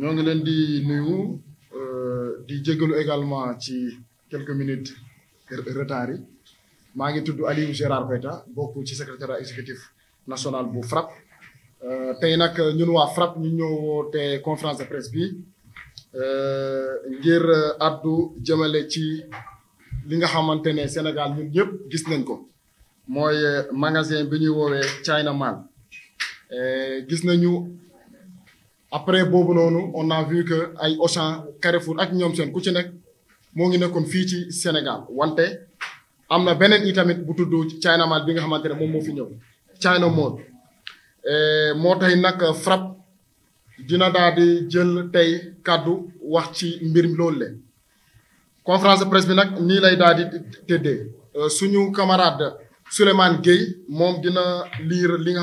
ñoo ngi leen di nuyu euh, di jégalu également ci quelques minutes retard yi maa ngi tudd Aliou Gérard Paita bokk ci secrétariat exécutif national bu FRAPP euh, tey nag ñun waa FRAPP ñu ñëw te conférence de presse bi euh, ngir addu jëmale ci li nga xamante ne Sénégal ñun ñëpp gis nañ ko mooy magasin bi ñuy woowee China Mall gis nañu après bobu on a vu que ay Auchan Carrefour ak ñom ku Sénégal wante amna benen itamit China Mall bi nga China Mall euh motay nak FRAPP dina daal di jël tey mbir conférence de presse bi TD. Eh, camarade Gueye mom dina lire li nga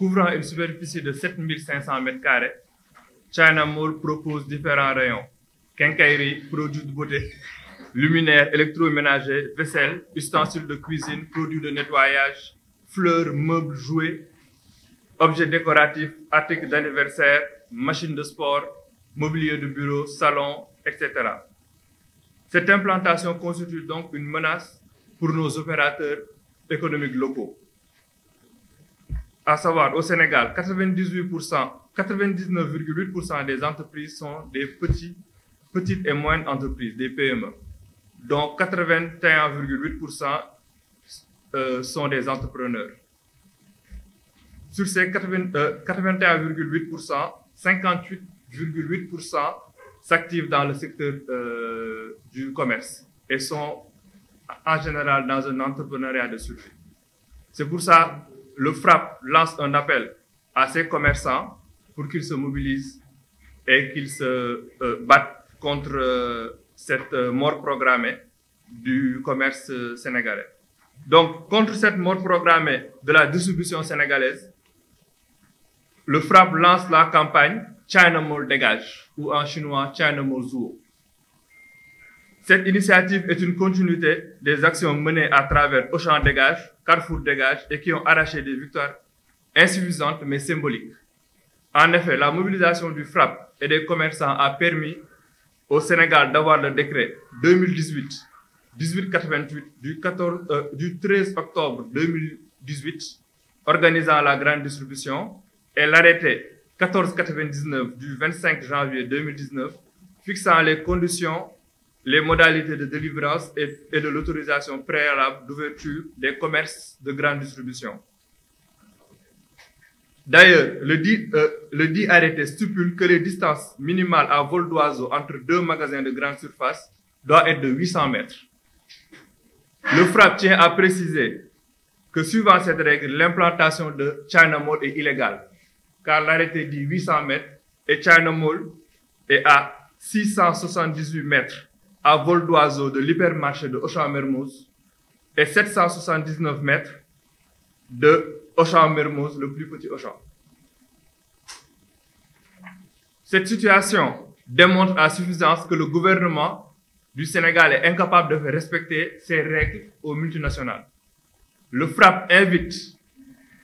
couvrant une superficie de 7500 m2, China Mall propose différents rayons quincaillerie, produits de beauté, luminaires, électroménager, vaisselle, ustensiles de cuisine, produits de nettoyage, fleurs, meubles, jouets, objets décoratifs, articles d'anniversaire, machines de sport, mobilier de bureau, salon, etc. Cette implantation constitue donc une menace pour nos opérateurs économiques locaux à savoir au Sénégal, 98%, 99,8% des entreprises sont des petits, petites et moyennes entreprises, des PME, dont 81,8% sont des entrepreneurs. Sur ces 81,8%, 58,8% euh, s'activent dans le secteur euh, du commerce et sont en général dans un entrepreneuriat de survie. C'est pour ça le FRAP lance un appel à ses commerçants pour qu'ils se mobilisent et qu'ils se euh, battent contre euh, cette euh, mort programmée du commerce sénégalais. Donc, contre cette mort programmée de la distribution sénégalaise, le FRAP lance la campagne China Mall dégage ou en chinois China Mall cette initiative est une continuité des actions menées à travers Auchan Dégage, Carrefour Dégage et qui ont arraché des victoires insuffisantes mais symboliques. En effet, la mobilisation du FRAP et des commerçants a permis au Sénégal d'avoir le décret 2018-1888 du, 14, euh, du 13 octobre 2018 organisant la grande distribution et l'arrêté 1499 du 25 janvier 2019 fixant les conditions les modalités de délivrance et, de l'autorisation préalable d'ouverture des commerces de grande distribution. D'ailleurs, le, dit, euh, le dit arrêté stipule que les distances minimales à vol d'oiseau entre deux magasins de grande surface doit être de 800 mètres. Le frappe tient à préciser que suivant cette règle, l'implantation de China Mall est illégale, car l'arrêté dit 800 mètres et China Mall est à 678 mètres à vol d'oiseau de l'hypermarché de Auchan-Mermoz et 779 mètres de Auchan-Mermoz, le plus petit Auchan. Cette situation démontre à suffisance que le gouvernement du Sénégal est incapable de faire respecter ses règles aux multinationales. Le FRAP invite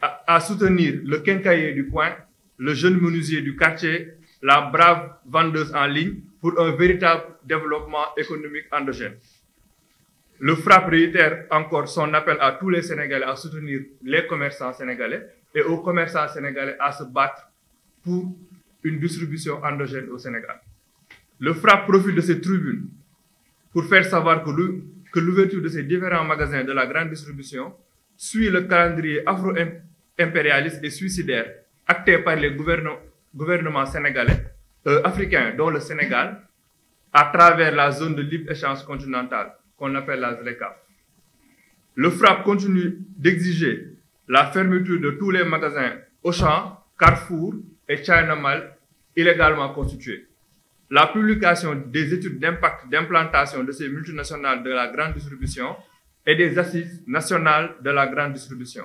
à, à soutenir le quincailler du coin, le jeune menuisier du quartier, la brave vendeuse en ligne pour un véritable développement économique endogène. Le FRAP réitère encore son appel à tous les Sénégalais à soutenir les commerçants sénégalais et aux commerçants sénégalais à se battre pour une distribution endogène au Sénégal. Le FRAP profite de ces tribunes pour faire savoir que l'ouverture de ces différents magasins de la grande distribution suit le calendrier afro-impérialiste et suicidaire acté par les gouvernements sénégalais euh, africains, dont le Sénégal, à travers la zone de libre-échange continentale qu'on appelle la ZLECA. Le FRAP continue d'exiger la fermeture de tous les magasins Auchan, Carrefour et China Mall illégalement constitués. La publication des études d'impact d'implantation de ces multinationales de la grande distribution et des assises nationales de la grande distribution.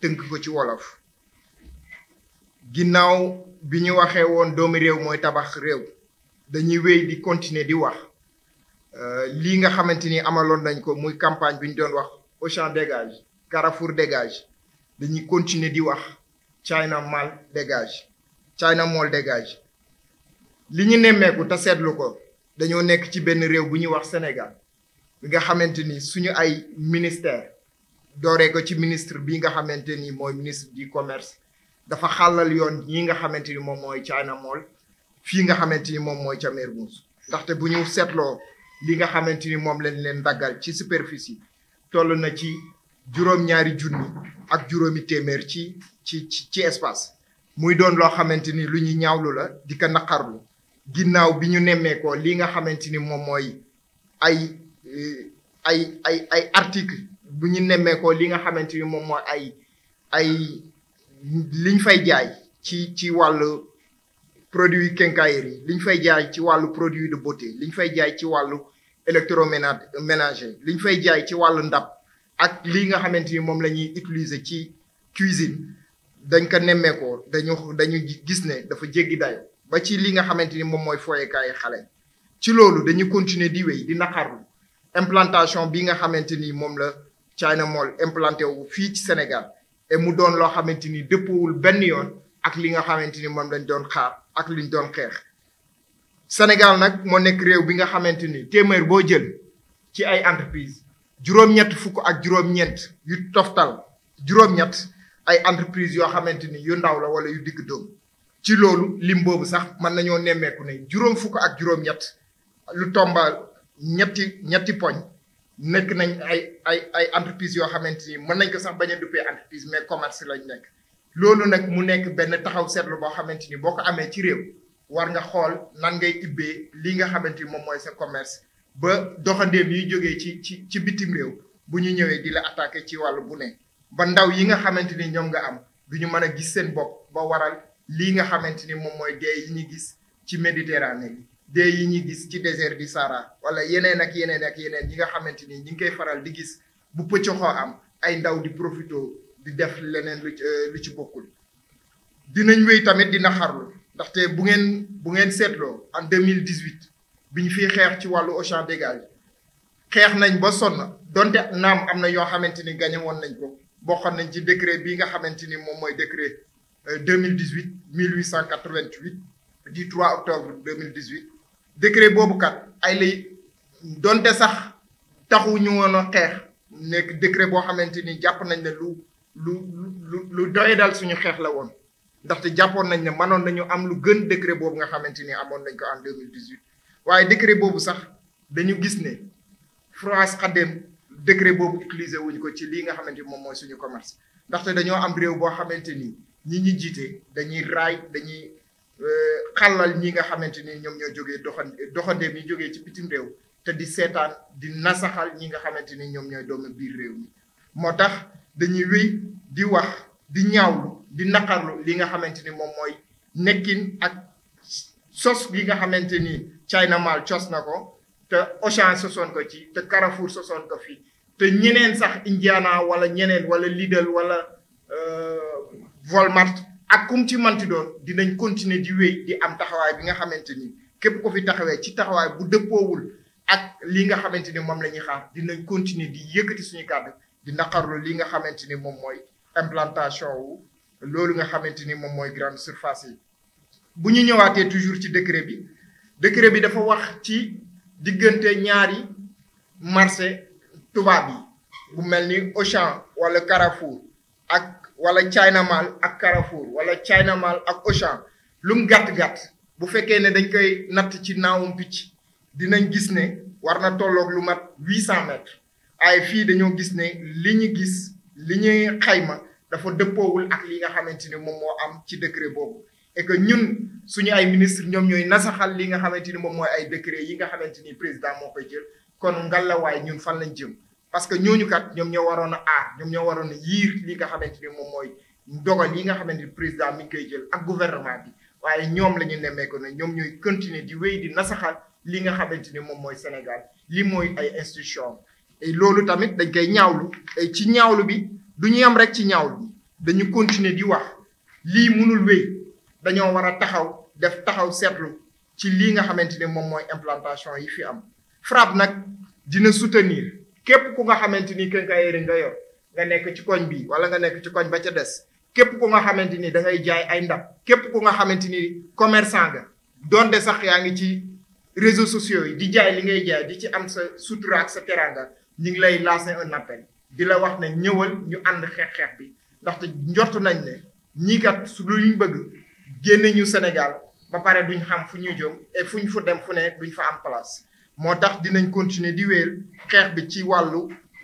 tënk ko ci wolof ginnaaw bi ñu waxee woon doomi réew mooy tabax réew dañuy wéy di continuer di wax euh, lii nga xamante ni amaloon nañ ko muy campagne bu ñu doon wax Auchan dégage Carrefour dégage dañuy continuer di wax China mal dégage China Mall dégage li ñu nemmeeku te seetlu ko dañoo nekk ci benn réew bu ñuy wax Sénégal nga xamante ni suñu ay ministère dooree ko ci ministre bi nga xamante ni mooy ministre du commerce dafa xàllal yoon yi nga xamante ni moom mooy China Mall fii nga xamante ni moom mooy ca ndaxte bu ñu seetloo li nga xamante ni moom lañ leen daggal ci superficie toll na ci juróom-ñaari junni ak juróomi téeméer ci ci ci espace muy doon loo xamante ni lu ñu ñaawlu la di ko naqarlu ginnaaw bi ñu nemmeekoo li nga xamante ni moom mooy ay euh, ay ay ay article bu ñu ko li nga xamante ni moom mooy ay ay liñ fay jaay ci ci wàllu produit quincaillerie yi liñ fay jaay ci wàllu produit de beauté liñ fay jaay ci wàllu électroménager liñ fay jaay ci wàllu ndab ak li nga xamante ni moom la ñuy utiliser ci cuisine dañ ko ko dañu dañu gis ne dafa jéggi dayo ba ci li nga xamante ni moom mooy foyekaayu xale ci loolu dañu continuer di wéy di naqarlu implantation bi nga xamante ni moom la China Mall implanté wu fii ci Sénégal et mu doon loo xamante ni dëppowul benn yoon ak li nga xamante ni moom lañ doon xaar ak liñ doon xeex Sénégal nag moo nekk réew bi nga xamante ni téeméer boo jël ci ay entreprise juróom-ñett fukk ak juróom-ñeent yu toftal juróom-ñett ay entreprise yoo xamante ni yu ndaw la wala yu digg doom ci loolu lim boobu sax mën nañoo nemmeeku ne juróom fukk ak juróom-ñett lu tombal ñetti ñetti poñ nekk nañ ay ay ay entreprise yoo xamante ni mën nañ ko sax bañ a duppee entreprise mais commerce lañ nekk loolu nag mu nekk benn taxaw seetlu boo xamante ni boo ko amee ci réew war nga xool nan ngay ibbee lii nga xamante ni moom mooy sa commerce ba doxandeem yi jógee ci ci ci bitim réew bu ñu ñëwee di la attaqué ci wàllu bu ne ba ndaw yi nga xamante ni ñoom nga am du ñu mën a gis seen bopp ba waral lii nga xamante ni moom mooy dee yi ñu gis ci Méditerranée yi dee yi ñuy gis ci désert du sara wala yeneen ak yeneen ak yeneen ñi nga xamante ni ñu ngi koy faral di gis bu pëccoxoo am ay ndaw di profité di def leneen lu ci euh, lu ci bokkul. dinañ wéy tamit dina xarlu ndaxte bu ngeen bu ngeen seetloo en deux mille dix huit bi ñu fiy xeex ci wàllu Auchan dégage xeex nañ ba sonn donte naam am na yoo xamante ni gañe woon nañ ko bokkoon nañ ci décret bii nga xamante ni moom mooy décret euh, deux mille dix huit mille huit cent quatre vingt huit du trois octobre deux mille dix huit. décret boobu kat ay lay donte sax taxu ñu woon a xeex nekk décret boo xamante ni jàpp nañ ne lu lu lu lu doye dal suñu xeex la woon ndaxte jàppoon nañ ne mënoon nañu am lu gën décret boobu nga xamante ni amoon nañ ko en deux dix huit waaye décret boobu sax dañu gis ne France xaddem décret boobu utiliser wuñ ko ci lii nga xamante ni moom mooy suñu commerce ndaxte dañoo am réew boo xamante ni ñi ñi jiite dañuy raay dañuy. Euh, xalal ñi nga xamante ni ñoom ñoo jógee doxande doxandeem yi jógee ci bitim réew te di seetaan di nasaxal ñi nga xamante ni ñoom ñooy doomu biir réew mi moo tax dañuy wéy di wax di ñaawlu di naqarlu li nga xamante ni moom mooy nekkin ak sos bi nga xamante ni China Mal cos na ko te Auchan sosoon ko ci te Carrefour sosoon ko fii te ñeneen sax Indiana wala ñeneen wala Lidl wala euh, Walmart ak kum ci manti doon dinañ continuer di wéy di am taxawaay bi nga xamante ni képp ko fi taxawee ci taxawaay bu dëppoowul ak li nga xamante ni moom la ñuy xaar dinañ continuer di yëkkati suñu kàddu di naqarlu li nga xamante ni moom mooy implantation loolu nga xamante ni moom mooy grande surface yi bu ñu ñëwaatee toujours ci décret bi décret bi dafa wax ci diggante ñaari marché tubaab yi bu mel ni Auchan wala Carrefour ak wala China ak Carrefour wala China Mall ak Auchan lum gàtt-gàtt bu fekkee ne dañ koy natt ci naawum picc dinañ gis ne war na tolloog lu mat huit cent mètres ay fii dañoo gis ne li ñu gis li ñuy xayma dafa dëppoowul ak li nga xamante ni moom moo am ci décret boobu et que ñun suñu ay ministre ñoom ñooy nasaxal li nga xamante ni moom mooy ay décret yi nga xamante ni président moo koy jël kon ngalawaay ñun fan lañ jëm parce que ñooñu kat ñoom ñoo waroon a aar ñoom ñoo waroon a yiir li nga xamante ni moom mooy dogal yi nga xamante ni président mi ngi koy jël ak gouvernement bi waaye ñoom la ñu nemmeeku ne ñoom ñooy continuer di wéy di nasaxal li nga xamante ni moom mooy Sénégal li mooy ay institution et loolu tamit dañ koy ñaawlu et ci ñaawlu bi du ñu am rek ci ñaawlu dañu continuer di wax lii mënul wéy dañoo war a taxaw def taxaw seetlu ci lii nga xamante ni moom mooy implantation yi fi am frappe nag dina soutenir képp ku nga xamante ni quincaillerie nga yor nga nekk ci koñ bi wala nga nekk ci koñ ba ca des képp ku nga xamante ni da ngay jaay ay ndab képp ku nga xamante ni commerçant nga donte sax yaa ngi ci réseau sociaux yi di jaay li ngay jaay di ci am sa sutura ak sa teranga ñu ngi lay lancer un appel di la wax ne ñëwal ñu ànd xeex xeet bi ndaxte njort nañ ne ñii kat su luñ bëgg génne ñu Sénégal ba pare duñ xam fu ñuy jëm et fuñ fu dem fu ne duñ fa am place moo tax dinañ continuer di wéel xeex bi ci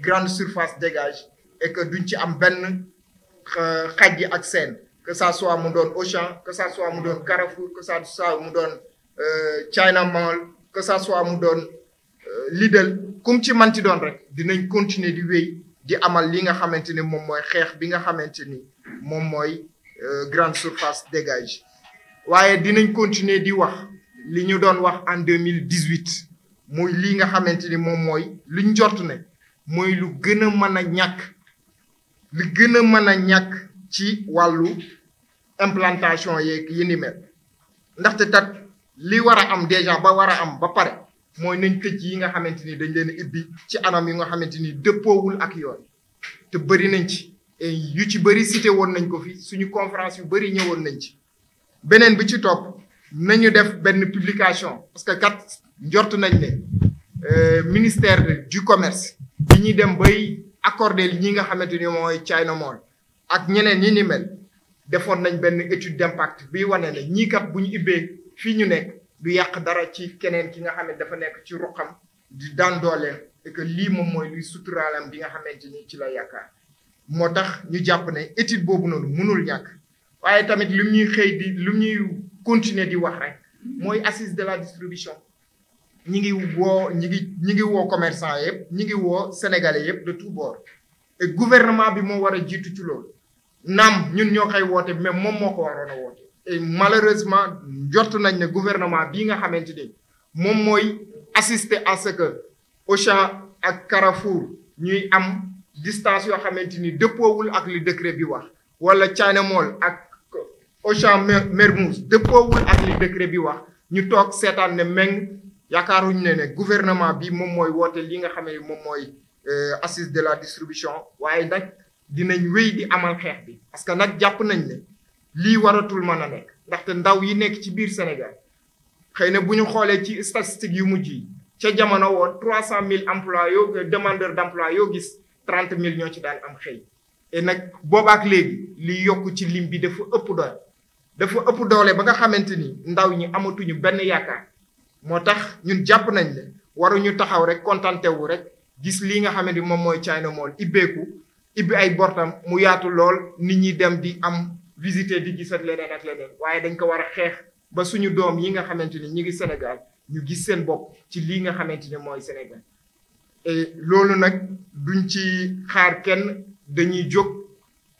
grande surface dégage et que duñ ci am benn euh, xaj ak que ça soit mu doon que ça soit mu Carrefour que ça soit mu doon euh, China Mall que ça soit mu doon euh, Lidl kum ci manti doon rek dinañ continuer di wéy di amal li nga xamante ni moom mooy xeex ni grande surface dégage waaye dinañ continuer di wax li doon wax en 2018, muy lii nga xamante ni moom mooy luñ jot ne mooy lu gën a mën a ñàkk lu gën a mën a ñàkk ci wàllu implantation yeeg yi ni ndaxte tat li war a am déjà ba war a am ba pare mooy nañ tëj yi nga xamante ni dañ leen ibbi ci anam yi nga xamante ni dëppoowul ak yoon te bëri nañ ci yu ci bëri cité woon nañ ko fi suñu confrance yu bëri ñëwoon nañ ci beneen bi ci topp nañu def benn publication parce que kat njort nañ ne euh, ministère du commerce bi ñuy dem bay accorder ñi nga xamante ni mooy China Mall ak ñeneen ñi ni mel defoon nañ benn étude d'impact bi wane ne ñii kat bu ñu ibbee fii ñu nekk du yàq dara ci keneen ki nga xam ne dafa nekk ci ruqam di daan et que lii moom mooy luy suturaalam bi nga xamante ni ci la yaakaar moo tax ñu jàpp ne étude boobu noonu mënul ñàkk waaye tamit lu ñuy xëy di lu ñuy continuer di wax rek mooy assise de la distribution ñi ngi wo ñi ngi ñi ngi wo commerçant yépp ñi ngi wo sénégalais yépp de tout bord et gouvernement bi moo war a jiitu ci loolu nam ñun ñoo mais moom moo ko waroon a et malheureusement jot nañ ne gouvernement bii nga xamante ni moom assister à ce que Auchan ak Carrefour ñuy am distance yoo xamante ni dëppoowul ak li décret bi wax wala China Mall ak Auchan Mermoz dëppoowul ak li décret bi wax ñu toog seetaan ne meng yaakaaruñu ne ne gouvernement bi moom mooy woote li nga xamee moom mooy euh, assise de la distribution waaye nag dinañ wéy di amal xeex bi parce que nag jàpp nañ ne lii waratul mën a nekk ndaxte ndaw yi nekk ci biir Sénégal xëy na bu ñu xoolee ci statistiques yu mujj yi ca jamono woo trois cent mille emploi yoo demandeur d' yoo gis trente mille ñoo ci daan am xëy nag boobaak léegi li yokk ci lim bi dafa ëpp doole dafa ëpp doole ba nga xamante ni ndaw ñi amatuñu benn yaakaar moo tax ñun jàpp nañ ne waruñu taxaw rek kontante wu rek gis lii nga xamante ni moom mooy China Mall ibbeeku ibbi ay bortam mu yaatu lool nit ñi dem di am visiter di gis ak leneen ak leneen waaye dañ ko war a xeex ba suñu doom yi nga xamante ni ñu ngi Sénégal ñu gis seen bopp ci lii nga xamante ni mooy Sénégal. et loolu nag duñ ci xaar kenn dañuy jóg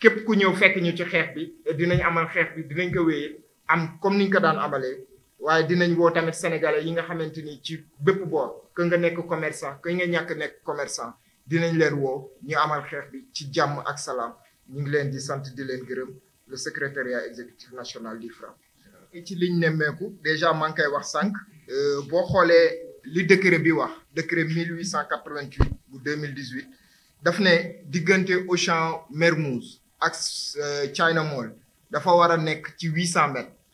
képp ku ñëw fekk ñu ci xeex bi dinañ amal xeex bi dinañ ko wéyee am comme niñ ko daan amalee. waaye dinañ woo tamit sénégalais yi nga xamante ni ci bépp boor que nga nekk commerçant que nga ñàkk nekk commerçant dinañ leen woo ñu amal xeex bi ci jàmm ak salaam ñu ngi leen di sant di leen gërëm le secrétariat exécutif national du FRAPP. ci liñ nemmeeku déjà maa ngi koy wax sànq. Euh, boo xoolee li décret bi wax décret 1888 bu 2018 daf ne diggante Auchan Mermoz ak euh, China Mall dafa war a nekk ci 800 mètres.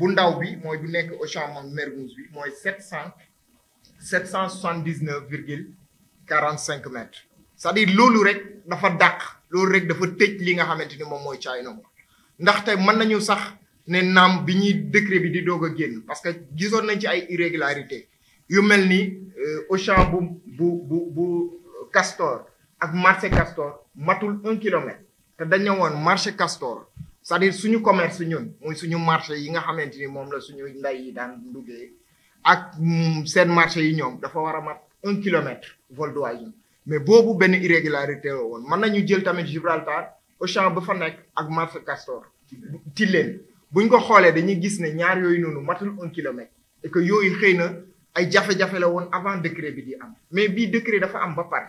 bu ndaw bi mooy bu nekk Auchan Mermoz bi mooy sept cent sept cent soixante mètres c'est-à-dire loolu rek dafa dàq loolu rek dafa tëj li nga xamante ni moom mooy caay nombre ndaxte mën nañu sax ne naam bi ñuy décret bi di doog a génn parce que gisoon nañ ci ay irrégularité yu mel ni euh, champ bu bu bu bu Castor ak marché Castor matul un kilomètre te dañu woon marché Castor cest à suñu commerce ñun muy suñu marché yi nga xamante ni moom la suñu nday yi daan duggee ak seen marché yi ñoom dafa war a mat un kilomètre vol d'oiseau mais boobu benn irrégularité la woon mën nañu jël tamit Gibraltar Auchan ba fa nekk ak marché Castor Tilène buñ ko xoolee dañuy gis ne ñaar yooyu noonu matul un kilomètre et que yooyu xëy na ay jafe-jafe la woon avant décret bi di am mais bii décret dafa am ba pare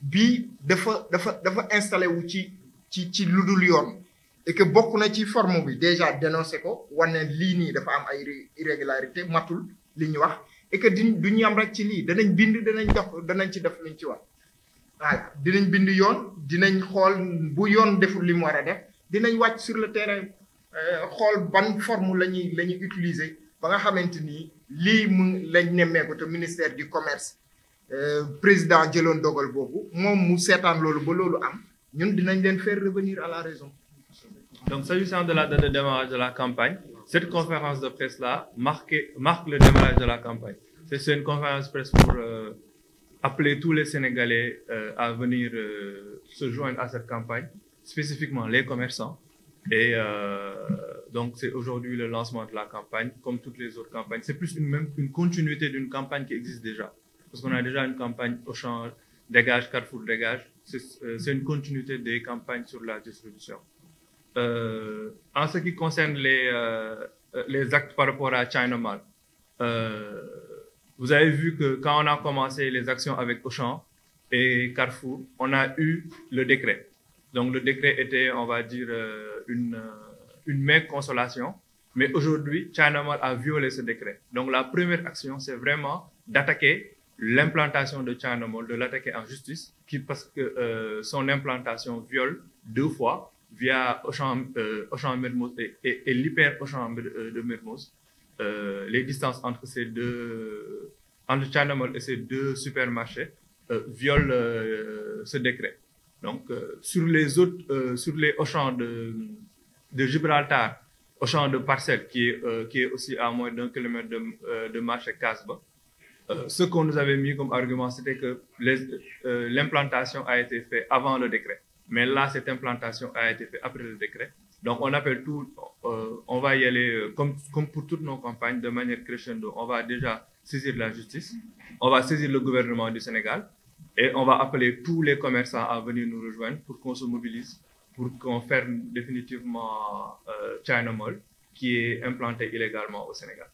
bii dafa dafa dafa installé wu ci ci ci lu dul yoon et que bokku na ci forme bi déjà dénoncé ko wone ne lii dafa am ay irrégularité matul li ñu wax et que di du ñu am rek ci lii danañ bind danañ dox danañ ci def luñ ci wax voilà dinañ bind yoon dinañ xool bu yoon deful li mu wara a def dinañ wàcc sur le terrain euh, xool ban forme lañuy lañuy utiliser ba nga xamante ni lii mu lañ nemmeeku te ministère du commerce euh, président jëloon dogal boobu moom mu seetaan loolu ba loolu am ñun dinañ leen faire revenir à la raison donc, s'agissant de la date de démarrage de la campagne, cette conférence de presse-là marque, marque le démarrage de la campagne. C'est une conférence de presse pour euh, appeler tous les Sénégalais euh, à venir euh, se joindre à cette campagne, spécifiquement les commerçants. Et donc, c'est aujourd'hui le lancement de la campagne, comme toutes les autres campagnes. C'est plus une, même, une continuité d'une campagne qui existe déjà. Parce qu'on a déjà une campagne au champ dégage, Carrefour dégage. C'est une continuité des campagnes sur la distribution. Euh, en ce qui concerne les, euh, les actes par rapport à Mall euh, vous avez vu que quand on a commencé les actions avec Auchan et Carrefour, on a eu le décret. Donc le décret était, on va dire, une, une consolation. Mais aujourd'hui, Mall a violé ce décret. Donc la première action, c'est vraiment d'attaquer l'implantation de Mall de l'attaquer en justice, qui, parce que son implantation viole deux fois via Auchan, euh, et, l'hyper Auchan euh, de Mermoz, euh, les distances entre ces deux, entre et ces deux supermarchés euh, violent ce décret. Donc, sur les autres, sur les Auchan de, de Gibraltar, Auchan de Parcelles, qui est, qui est aussi à moins d'un kilomètre de, de marché Casbah, ce qu'on nous avait mis comme argument, c'était que l'implantation a été faite avant le décret. Mais là, cette implantation a été faite après le décret. Donc, on appelle tout, euh, on va y aller, euh, comme, comme pour toutes nos campagnes, de manière crescendo. On va déjà saisir la justice, on va saisir le gouvernement du Sénégal et on va appeler tous les commerçants à venir nous rejoindre pour qu'on se mobilise, pour qu'on ferme définitivement euh, China Mall qui est implanté illégalement au Sénégal.